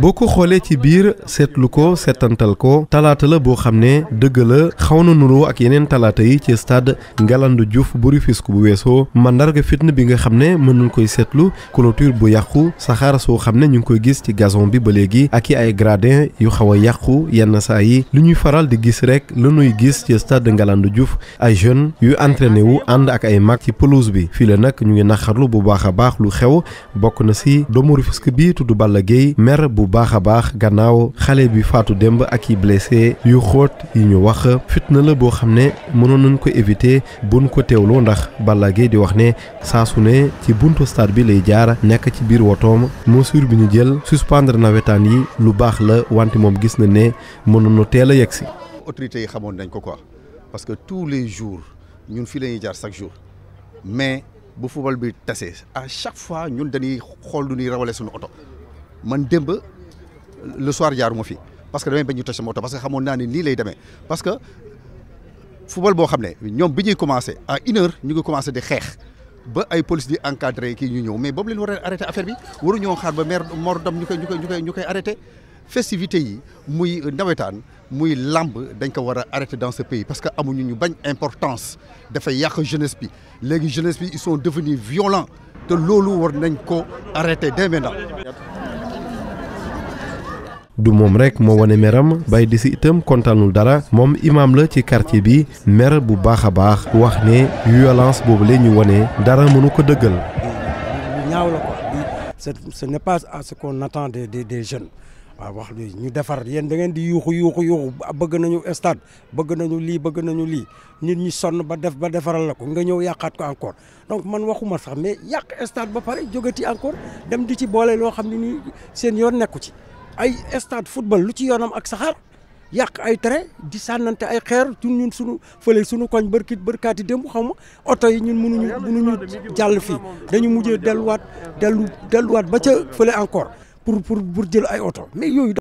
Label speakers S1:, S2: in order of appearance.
S1: boo ko xoolee ci biir seetlu ko seetantal ko talaata la boo xam ne dëgg la xaw na nuroo ak yeneen talaata yi ci stade ngalandu Diouf bu Rufisque bu weesoo mandarga fitna bi nga xam ne mën nañ koy seetlu clôture bu yàqu saxaar soo xam ne ñu ngi koy gis ci gazon bi ba léegi ak i ay gradin yu xaw a yàqu yenn saa yi lu ñuy faral di gis rek lu ñuy gis ci stade ngalandu Diouf ay jeunes yu entraîné wu ànd ak ay mag ci pelouse bi fii nag ñu ngi naxarlu bu baax a baax lu xew bokk na si doomu Rufisque bi tudd Balla Gueye bu baax a baax gannaaw xale bi faatu démb ak yi blessé yu xoot yi ñu wax fitna la boo xam ne mënoon nañ ko éviter buñ ko teewloo ndax Balla Gaye di wax ne saa su ne ci buntu stade bi lay jaar nekk ci biir wotoom mesure bi ñu jël suspendre nawetaan yi lu baax la wante moom gis na ne mënoon na teel a yegg si.
S2: autorités yi xamoon nañ ko quoi parce que tous les jours ñun fii la jaar chaque jour mais bu football bi tasee à chaque fois ñun dañuy xool du ñuy rawale suñu oto man le soir jaaruma fi parce que damay bañ ñu toj sama oto parce que xamoon naa ne nii lay demee parce que football boo xam ne ñoom bi ñuy commencé à une ñu ngi commencé di xeex ba ay police di encadré kii ñu ñëw mais boobu leen war a arrêté affaire bi waruñoo xaar ba maire Mor Dam ñu koy ñu koy ñu koy arrêté festivité yi muy nawetaan muy làmb dañ ko war a arrêté dans ce pays parce que amuñu ñu bañ importance dafay yàq jeunesse bi léegi jeunesse bi ils sont devenus violents te loolu war nañ ko arrêté dès
S1: du moom rek moo wane meram bay di si itam kontanul dara moom imaam la ci quartier bi mer bu baax a baax wax ne violence boobu la ñu wane dara mënu ko dëggal.
S3: ñaaw la quoi ce n'est pas à ce qu'on attend des des jeunes. waaw wax lu ñu defar yéen da ngeen di yuuxu yuuxu yuuxu bëgg nañu stade bëgg nañu lii bëgg nañu lii nit ñi sonn ba def ba defaral la ko nga ñëw yàqaat ko encore donc man waxuma sax mais yàq stade ba pare jógati encore dem di ci boole loo xam ne nii seen yoon nekku ci. ay stade football lu ci yoonam ak saxaar yàq ay train di sànnante ay xeer tun ñun suñu fële sunu koñ bërkit dem démb xaw ma oto yi ñun mënuñu mënuñu jàll fii dañu mujjee delluwaat dellu delluwaat ba ca fële encore pour pour pour jël ay oto mais yooyu